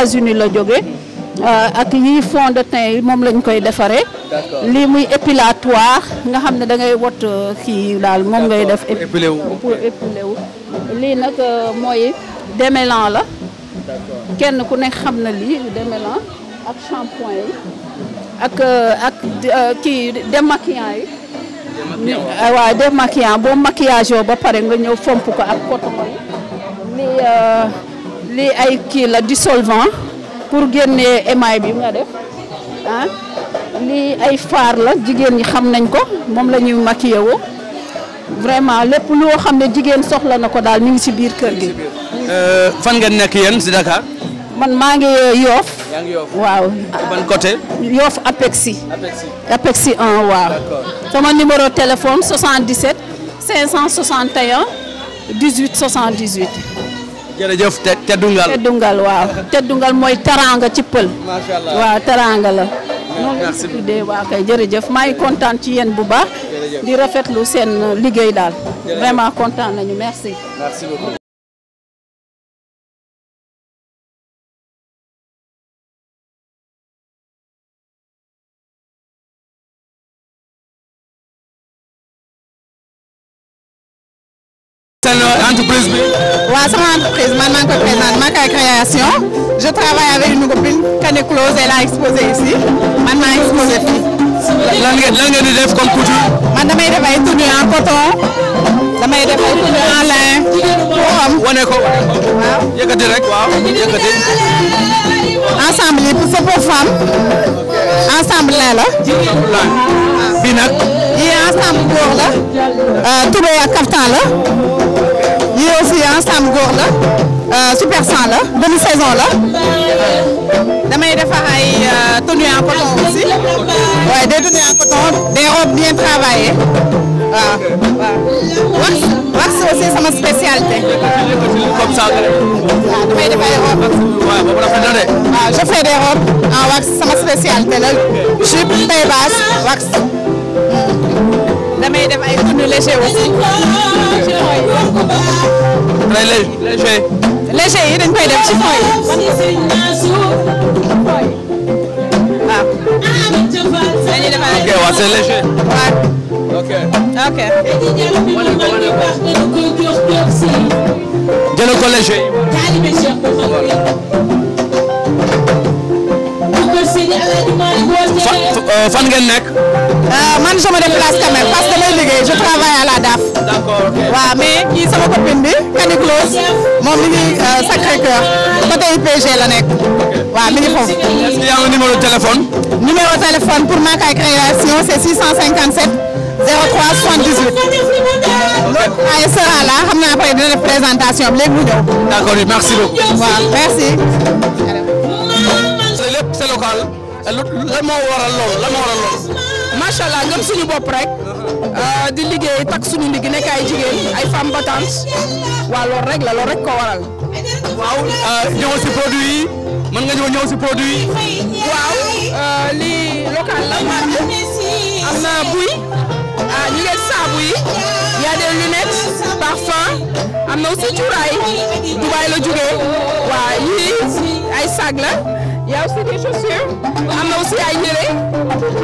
États-Unis la jóge euh, ak yi fond de teint yi moom lañ koy defare lii muy épilatoire nga xam ne da ngay wot euh, kii daal moom ngay def. épilé wu nag euh, mooy démêlant la. kenn ku nekk xam na lii démêlant ak shampoing yi ak ak kii démaquillant yi. waaw démaquillant boo maquillage ba pare nga ñëw fomp ko ak coton lii. lii ay kii la dissolvant pour génnee émail bi nga def ah ay faar la jigéen ñi xam nañ ko moom la ñuy maquillé woo vraiment lépp loo xam ne jigéen soxla na ko daal mu ngi si biir kër gi. Euh, fan ngeen nekk yéen si Dakar. man maa ngi Yoff. yaa ngi Yoff waaw. ban côté. Yoff Apexi. Apexi Apexi 1 waaw. sama numéro téléphone 77 561 18 78. jërëjëf te teddungal teddungal waaw teddungal mooy teraanga ci pël. macha allah waaw teraanga la. noonu la waa kay jërëjëf maa ngi kontaan ci yéen bu baax. di rafetlu seen liggéey daal. vraiment kontaan nañu merci. seen entreprise bi. waaw sama entreprise man maa ngi ko présente Maka Création je travaille avec une copine Kane Close elle a exposé ici man maa exposé fii. lan ngeen lan ngeen di def comme couture. man damay def ay tenues en coton damay def ay tenues en lin pour homme. wane ko waaw yëkkati rek waaw yëkkati. ensemble yi pour femmes ensemble lin la. bii nag. yi ensemble góor la euh, tubéy ak kaftan la yi aussi ensemble góor la euh, super sang la demi saison la damay defar ay euh, tenues en coton aussi wax aussi sama spécialité. comme ça. ay robes. waaw de. wax sama spécialité la jupe taille wax. damay def ay tournées léger aussi. très léger. léger yi dañ koy def ci fooy. waaw. dañuy def ay. ok waaw c'est léger. waaw. ok. ok. jël ko léger. fan ngeen nekk. Euh, man je me déplace quand même parce que damay liggéey je travaille à la DAF. d'accord waaw mais kii sama copine bi Kani Close moom mi ngi euh, Sacré Cœur côté IPG la nekk waaw mi ngi foofu. est-ce que y a un numéro de téléphone. numéro de téléphone pour Makay Création c'est 657 03 78. loolu ay sera là xam naa après dina def présentation bi léegi mu ñëw. d'accord merci beaucoup. waaw merci. c'est la moo waral lool la moo waral lool. macha allah gëm suñu bopp rek uh-huh. uh, di liggéey takk suñu ndig nekk ay jigéen ay femmes battantes waaw loolu rek la loolu rek ko waral. waaw uh, uh, local la am na buy ah saabu yi y a des lunettes parfum am na aussi cuuraay Dubaay la jógee waa yii ay sag la. Il y a aussi des a aussi à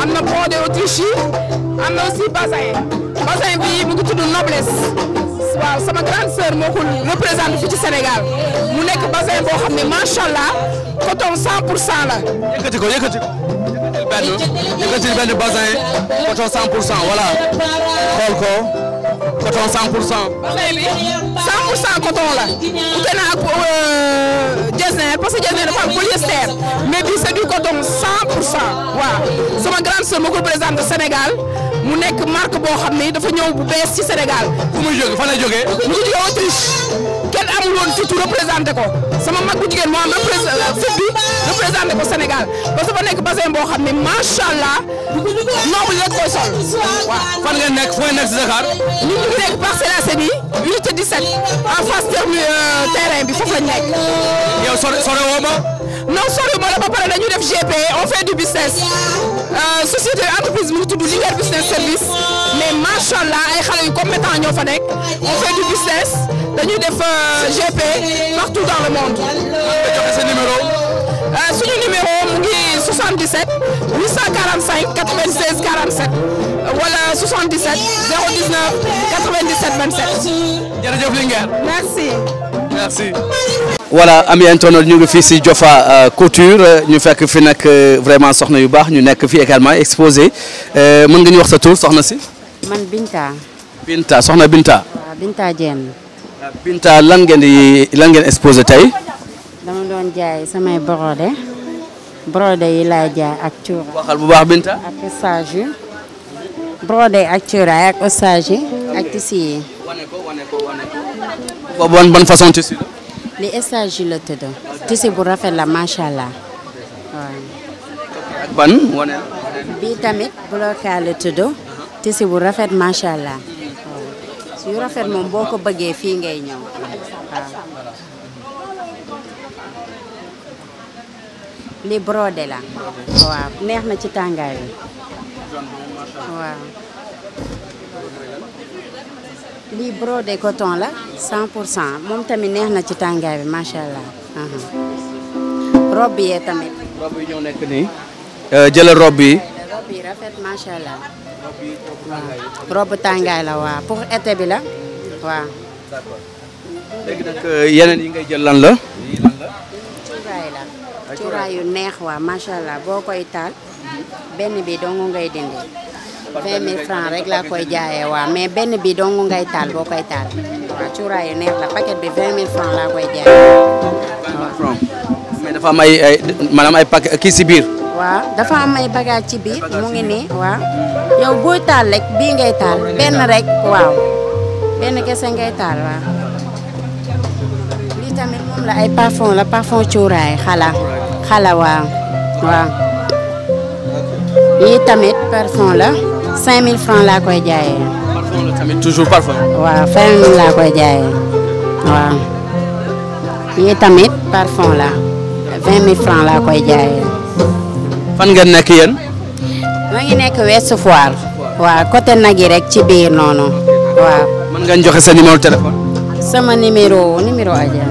de Autriche. On a aussi Bazin. Bazin, oui, beaucoup de grande sœur moo représente fii Sénégal mu nekk bassin boo xam ne macha coton 100 pour cent la. yëkkati ko yëkkati ko yëkkatil benn yëkkatil coton 100 pour cent voilà xool coton 100 pour cent. bi 100 cent coton la ute na ak Getzner euh, parce que Getzner dafa am polyester mais bi c'est du coton 100 pour cent waaw sama grande sœur ma ko représenté Sénégal. mu nekk marque boo xam ne dafa ñëw bu bees ci Sénégal. fu muy jógee fan la jógee. mu ngi jógee Autriche kenn amul woon surtout ko sama mag bu jigéen moo am repré fit euh, ko Sénégal parce que ba nekk bassin boo xam ne macha allah noobu rek koy sol. waaw fan ngeen nekk fu nekk si Dakar. ngi nekk Parcelles Assainies unité 17 en face euh, terrain bi foofu lañ nekk. yow sore sore woo ma. non sore ma la ba pare dañu def GP on fait du business. Euh, société entreprise mu ngi tudd Linguère business service mais macha allah ay xale yu compétent ñoo fa nekk on fait du business dañuy def euh, GP partout dans le monde. nga joxe sa numéro. Euh, suñu numéro mu ngi 77 845 96 47 wala 77 019 97 27. jërëjëf Linguère. merci. merci. voilà ami internaute ñu ngi fii si Jofa euh, Couture ñu fekk fi nag euh, vraiment soxna yu baax ñu nekk fi également exposé euh, mën nga ñu wax sa tur soxna si. man Binta. Binta soxna Binta. waaw Binta Dieng. Binta lan ngeen di lan ngeen exposé tey. dama doon jaay samay borode. borode yi laay jaay ak cuuraay. waxal bu baax Binta. ak ostage yi. borode yi ak cuuraay ak ostage yi. ak tissu yi. ba ban ban façon tissu la. li stage la tëdd. tissu bu rafet la macha allah waaw. bii tamit bloca la tëdd. tissu bu rafet macha allah. yu rafet moom boo ko bëggee fii ngay ñëw waaw. li brodé la. waaw neex na ci tàngaay wi waaw. lii brodé coton la 100 pour cent moom tamit neex na ci tàngaay bi macha allah. robe yee tamit. robe yi ñoo nekk euh, jëlal robe yi. robe yi rafet macha allah. waaw tàngaay la waaw pour été bi la waaw. Euh, yeneen yi ngay jël lan la. cuuraay la. cuuraay yu neex waa macha allah boo koy taal benn bi dong ngay dindi. vingt koy jaayee waaw mais benn bi dong ngay la paquet bi ay ay biir. waaw dafa am mu ngi nii waaw yow ngay taal benn rek waaw benn kese tamit moom la ay cuuraay xala xala waaw waaw. yii tamit parfum la 5000 francs laa koy jaayee. parfum laa koy jaayee waaw yi tamit parfum la 20000 francs laa koy jaayee. fan ngeen nekk yéen. maa ngi nekk Ouest Foire. waaw côté nag yi rek ci biir noonu waaw. mën nga joxe sa numéro téléphone. sama numéro numéro Adja.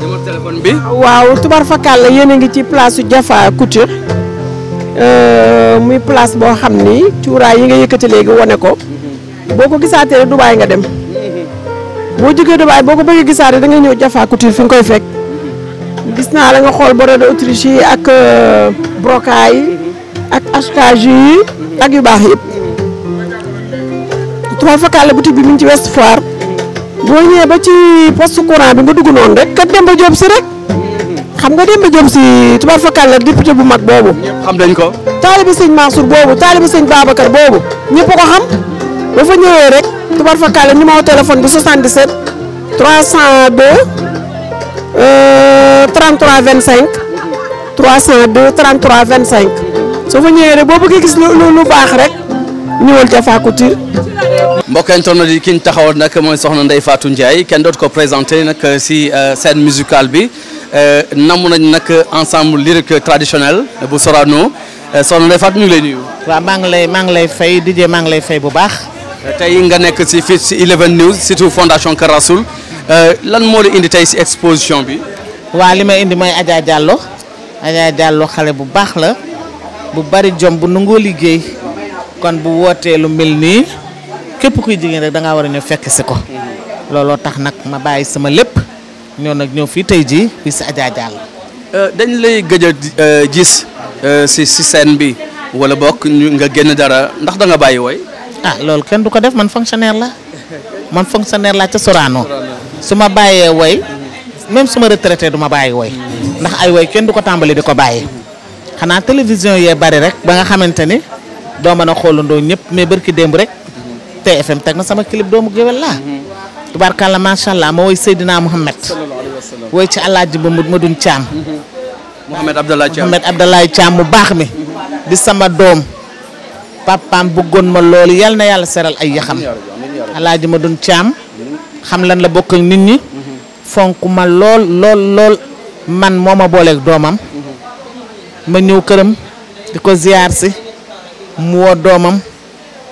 numéro téléphone bi. waaw tubarfakalla yéen a ngi ci place su Couture. Euh, muy place boo xam ni cuuraay yi nga yëkkati léegi wone ko boo ko gisaatee rek Dubaay nga dem boo jógee Dubaay boo ko bëggee gisaatee da nga ñëw Jaffa Couture fi nga koy fekk gis naa la nga xool borode autriche yi ak euh, broca yi ak ashkaj yu baax yëpp trois focal la bi mu ngi ci Ouest Foire boo ñëwee ba ci poste courant bi nga dugg noonu rek kat dem ba Diop si rek. xam nga Demba Diop si tubarfakal la député bu mag boobu. ñëpp xam dañ ko. taalibi sëñ Mansour boobu taalibi sëñ Babacar boobu ñëpp ko xam ba fa ñëwee rek tubarfakal la numéro téléphone bi 77 302 33 25 302 33 25 soo fa ñëwee rek boo bëggee gis lu lu baax rek ñëwal Jafa Couture. mbokk toll na di ki ñu taxawoon nag mooy soxna Ndeye Fatou Ndiaye kenn dootu ko présenté nag si euh, seen musicale bi. Euh, namu nañ nag ensemble lyrique traditionnel bu Sorano euh, soxna Ndeye Fatou ñu ngi lay maa ngi lay maa ngi lay fay DJ maa ngi lay fay bu baax. Euh, tey nga nekk si fii si 11 News surtout fondation Kër Rassoul lan moo la indi tey si exposition bi. waa li may indi mooy Adja Diallo Adja xale bu baax la bu bari jom bu nangoo liggéey kon bu wootee lu mel nii képp kuy jigéen rek da war a ñëw fekk si ko mm-hmm. looloo tax nag ma bàyyi sama lépp. ñoo nag ñëw fii tey jii fii si Adja Diallo euh, dañ lay gëj a euh, gis euh, si si scène bi wala bokk nga génn dara ndax da bàyyi woy ah loolu kenn du ko def man fonctionnaire la man fonctionnaire laa ca Sorano su ma bàyyee woy même suma ma retraité du ma bàyyi woy ndax ay woy kenn du ko tàmbali di ko bàyyi xanaa télévision yee bari rek ba nga xamante ni doo mën a xoolandoo ñëpp mais barki démb rek TFM teg na sama clip doomu géwél la tubaarkàlla macha allah ma woy Seydina Mouhamed. woy ci alaaji ma Madoune Thiam. Mouhamed Abdallah Thiam Mouhamed Abdallah Thiam mu baax mi. di sama doom. papaam bëggoon ma loolu yal na yàlla seral ay yaxam. ma Madoune Thiam. xam lan la bokk nit ñi. Mm-hmm. fonk ma lool lool lool. man moo ma booleeg doomam. Mm-hmm. ma ñëw këram. di ko ziyaar si. mu woo doomam.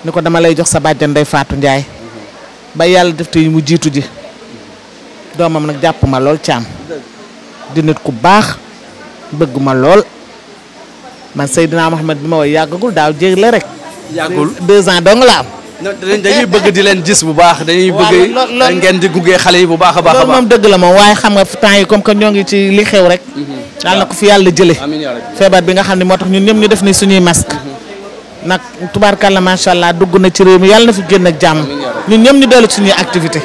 ni ko dama lay jox sa bàjjan faatu njaay ba yàlla def te mu jiitu ji doomam nag jàpp ma lool caam di nit ku baax bëgg ma lool man Seydina Mohamed bi ma woy yàggagul daaw jéeg la rek. yàggul deux ans dong la am. dañuy bëgg di leen gis bu baax. dañuy bëgg ngeen di gunge xale yi bu baax a baax. loolu moom dëgg la moom waaye xam nga temps yi comme que ñoo ngi ci li xew rek. daal mhm. na ko fi yàlla jëlee. feebar bi nga xam ne moo tax ñun ñëpp ñu def nii suñuy mask mhm. nag la macha allah dugg na ci réew mi yàlla na fi génn ak ñun ñëpp ñu dellu ci suñuy activité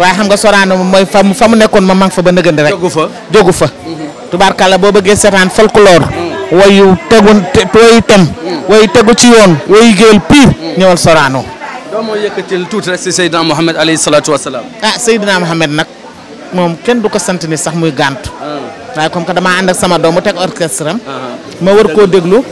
waaye xam nga Sorano mooy fa mu fa mu nekkoon ma mang fa ba nëgënd rek. jogu fa jogu fa. boo bëggee seetaan folklore. wayu tegu wayu tem. wayu tegu ci yoon. wayu géel pire. ñëwal Sorano. moo yëkkatil tuuti rek si Seydina Mohamed alayhi salaatu wa salaam. ah Seydina Mohamed nag moom kenn du ko sant ni sax muy gànt ah. waaye comme que dama ànd sama doom mu teg orchestre ah. ma war koo déglu.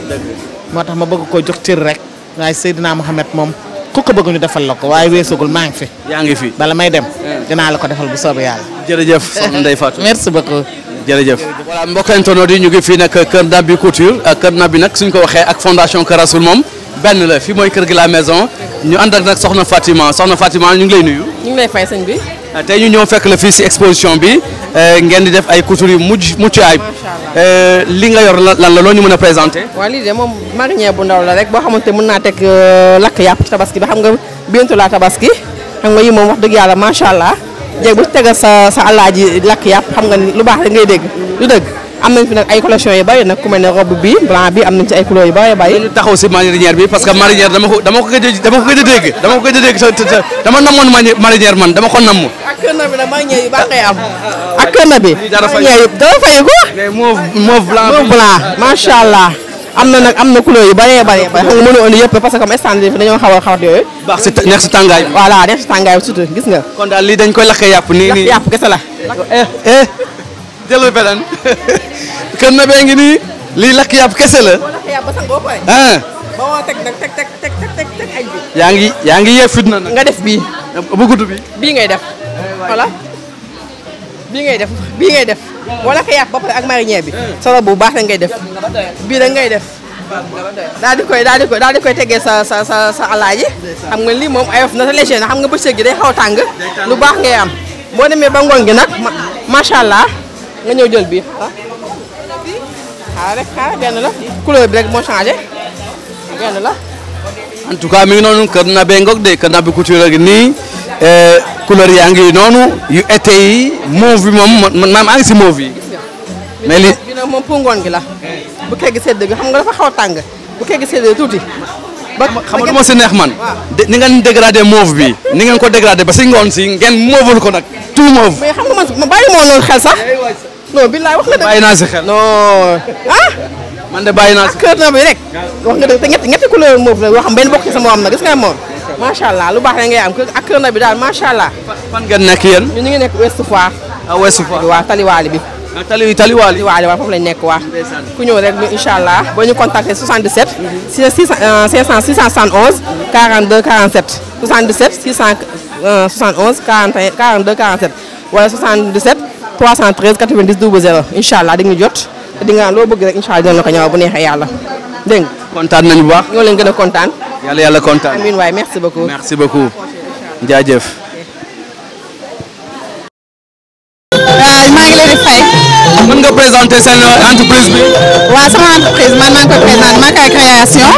moo tax ma bëgg koo jox cër rek. waaye Seydina Mohamed moom. ku ko bëgg ñu defal la ko waaye weesugul maa ngi fi. yaa ngi fi bala may dem. Eh. dinaa la ko defal bu soobee yàlla. jërëjëf soxna Ndeye Fatou. merci beaucoup. jërëjëf voilà mbokk internet yi ñu ngi fii nag Kër Naby Couture euh, Kër Naby nag suñ ko waxee ak fondation Kër Rassoul moom benn la fi mooy kër gi la maison ñu ànd ak nag soxna Fatima soxna Fatima ñu ngi lay nuyu. ñu ngi lay fay sëñ bi. Euh, tey ñu ñëw fekk la fii si exposition bi euh, ngeen di def ay couture yu mujj mucc ayib. Euh, li nga yor lan la loo ñu mën a présenté. waaw de moom marinière bu ndaw la rek boo xamante mën naa teg lakk yàpp ci tabaski bi xam nga bientôt laa tabaski xam nga yi moom wax dëgg yàlla macha allah jéeg bu tegal sa sa alaaji lakk yàpp xam nga lu baax rek ngay dégg lu dëgg. am nañ fi nag ay collection yu bari nag ku mel ne robe bi blanc bi am nañ ci ay couleurs yu bari bari ñu taxaw si marinière bi parce que marinière dama ko dama ko gëj dama ko gëj a dégg dama ko gëj a dégg dama namoon marinière man dama ko namm ak kër na bi nag marinière yu baax ngay am ak kër na bi dara fay ko mauve mauve blanc mauve blanc macha allah am na nag am na couleur yu bëree bëree bëri xam nga mënoo indi yëpp parce que comme instant bi dañoo xaw a xawat yooyu baax si neex si tàngaay voilà neex si tàngaay surtout gis nga kon daal lii dañ koy lakkee yàpp nii nii yàpp kese la eh eh jëlal beneen kër na bee ngi nii lii lakk yàpp kese la ah yaa ngi yaa ngi yee fitna nag nga def bii bu gudd bi bii ngay def voilà bii ngay def bii ngay def wala ka yàpp ba pare ak marinière eh. bu baax da ngay def bii da ngay def daal di koy daal di koy daal di koy tegee sa sa sa sa alaaji xam nga lii moom ayof na te léger na xam nga bëccëg gi day xaw tàng lu baax ngay am boo demee ba ngoon gi nag macha allah nga ñëw jël bii xaaral xaaral rek xaaral la couleur bi rek moo change benn la. en tout cas mi ngi noonu Keur be ngoog de Keur Naby Couture gi nii eh, couleur yaa ngi noonu yu été yi bi moom man maa ngi si mauve yi. mais li bi nag moom pour ngoon gi la. bu kee gi sedd gi xam nga dafa xaw tàng bu kee gi sedd tuuti. ba xam nga lu si neex man. ni ngeen dégradé mauve bi ni ngeen ko dégradé ba si ngoon si ngeen mauveul ko nag tout mauve. mais moo noonu xel sax. non billaay wax nga dëgg bàyyi naa si xel non ah. man de bàyyi naa si ah, kër na bi rek. wax nga dëgg te ñetti ñetti couleur la yoo benn bokk ci sama am na gis nga moom. macha allah lu baax la ngay am ak kër na bi daal macha allah. fan ngeen nekk yéen. ñu ngi nekk Ouest Foire. ah Ouest Foire waaw Taliwaali bi. ah Tali Taliwaali. Taliwaali waaw foofu lañ nekk waa ku ñëw rek incha allah boo ñu contacté 77. 600 671. 42 47. 77 671 41 42 47 wala 77. 313 90 00 incha allah di nga jot di nga loo bëgg rek incha allah dinañ la ko ñëwaat bu neexee yàlla kontaan nañu bu baax ñoo leen gën a kontaan. yàlla yàlla kontaan amiin waay merci beaucoup jaajëf. maa ngi leen di fay. mën nga présenter seen entreprise bi. waaw sama entreprise man maa ngi Création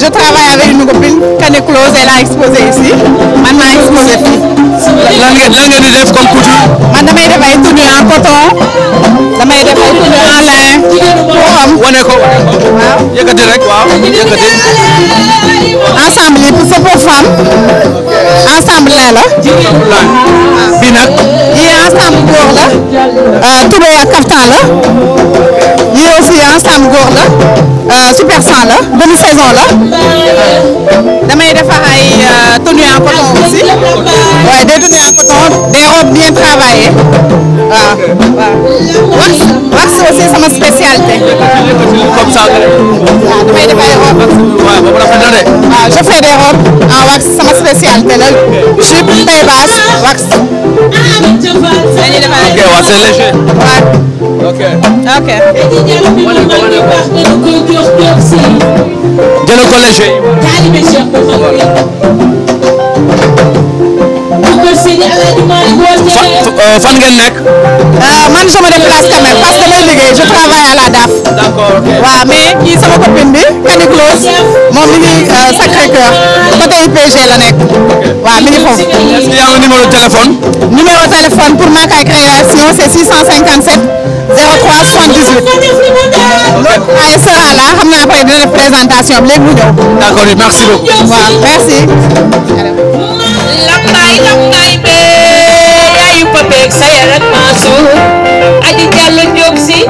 je travaille avec une copine Cane Close elle a exposé ici man maa exposé fii. lan ngeen lan ngeen comme couture. man damay def ay tenue en coton damay def ay tenue en lin pour ensemble yi pour c'est pour ensemble lin la. bi nag. ensemble góor la. Euh, tubéy ak kaftan la. yii aussi ensemble góor la. Euh, super 100 la demi saison la. damay defar ay euh, tenue en coton aussi des tenues des robes c'est sama spécialité. comme ça. damay def ay robes. waaw je fais des robes en wax sama spécialité la jupe taille basse wax. ok waaw c'est léger. waaw. ok. ok. jëlee ko léger. kër Seydi Aladji Malick euh, fan ngeen nekk. Euh, man sama déplace quand même parce que may liggéey je travaille à la DAF. d'accord waaw mais kii sama copine bi Kani Close moom mi ngi euh, Sacré Cœur côté IPG la nekk waaw mi ngi foofu. est-ce que y a un numéro téléphone. numéro téléphone pour Makay Création c'est 657 03 78. ay sera là xam naa après dina def présentation bi léegi mu ñëw. d'accord merci beaucoup. waaw merci. lambay lambay be yaayu papeek sayal ak Mansour aji Diallo Diop si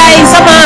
Ndiaye sama